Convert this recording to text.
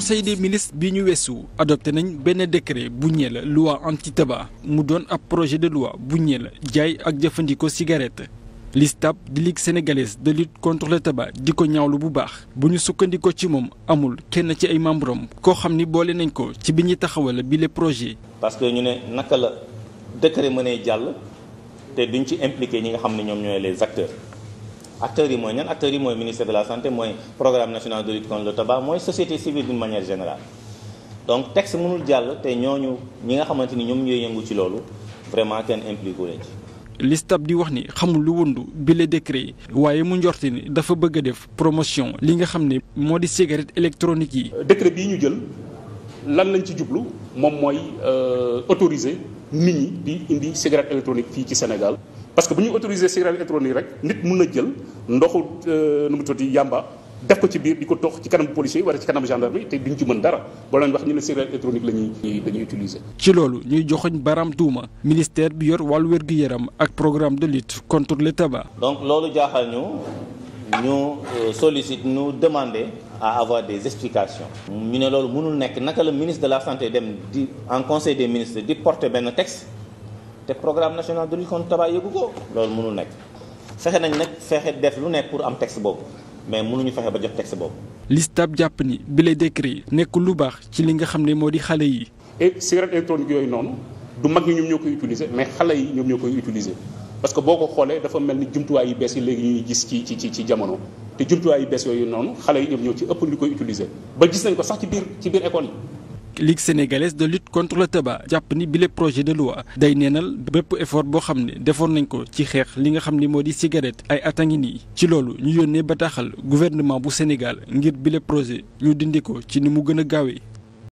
conseil des ministres bi ñu weesu adopté nañ benn décret bu ñee la loi ci tabac mu doon ab projet de loi bu ñee la jaay ak jëfandikoo cigarette l'ISTAB di ligue sénégalaise de lutte contre le di ko ñaawlu bu baax bu ñu sukkandikoo ci moom amul kenn ci ay membres am koo xam ni boole nañ ko ci bi ñuy taxawal bile projet. parce que ñu ne naka la décret mënee jàll te duñ ci impliqué ñi nga xam ne ñoom ñooy les acteurs. acteur yi mooy ñan acteurs yi mooy ministère de la santé mooy programme national de lutte contre le tabac mooy société civile d'une manière générale donc texte mënul jàll te ñooñu ñi nga xamante ni ñoom ñooy yëngu ci loolu vraiment kenn impliqué leen ci listab di wax ni xamul lu wundu bi le décret yi waaye mu njorti ni dafa bëgg a def promotion li nga xam ne moo di cigarette électronique yi euh, décret bii ñu jël lan lañ ci jublu moom mooy euh, autoriser nit ñi di indi cigarette électronique fii ci Sénégal parce que bu ñu autorisé cigarette électronique rek nit mun na jël ndoxu euh, nu mu tudd yàmba def ko ci biir di ko toox ci kanam policier wala ci kanam gendarmerie te duñ ci mën dara boo leen wax ñu ne cigarette électronique la ñuy dañuy utiliser. ci loolu ñuy joxoñ baram tuuma ministère bi yor wàllu wér gu yaram ak programme de lutte contre le tabac. donc loolu jaaxal ñu ñu euh, sollicite ñu demander à avoir des explications. ñu ne loolu mënul nekk naka la ministre de la santé dem di en conseil des ministres di porter benn te programme national de lutte contre tabac yëgu ko loolu mënul nekk fexe nañ nag fexe def lu nekk pour am texte boobu mais mënuñu fexe ba jot texte boobu. listab jàpp ni bile décret nekk lu baax ci li nga xam ne moo di xale yi. et cigarette yooyu noonu du mag ñi ñoom ñoo koy utiliser mais xale yi ñoom ñoo koy utiliser parce que boo ko xoolee dafa mel ni jumtuwaay yu bees yi léegi ñuy gis ci ci ci jamono te jumtuwaay yu bees yooyu noonu xale yi ñoom ñoo ci ëpp lu koy utiliser ba gis ko sax ci biir ci biir école Ligue sénégalaise de lutte contre le tabac jàpp ni bile projet de loi day neenal bépp effort boo xam ne defoon nañ ko ci xeex li nga xam ni moo di cigarette ay at a ngi nii ci loolu ñu yónnee bataaxal gouvernement bu Sénégal ngir bile projet ñu dindi ko ci ni mu gën a gaawee.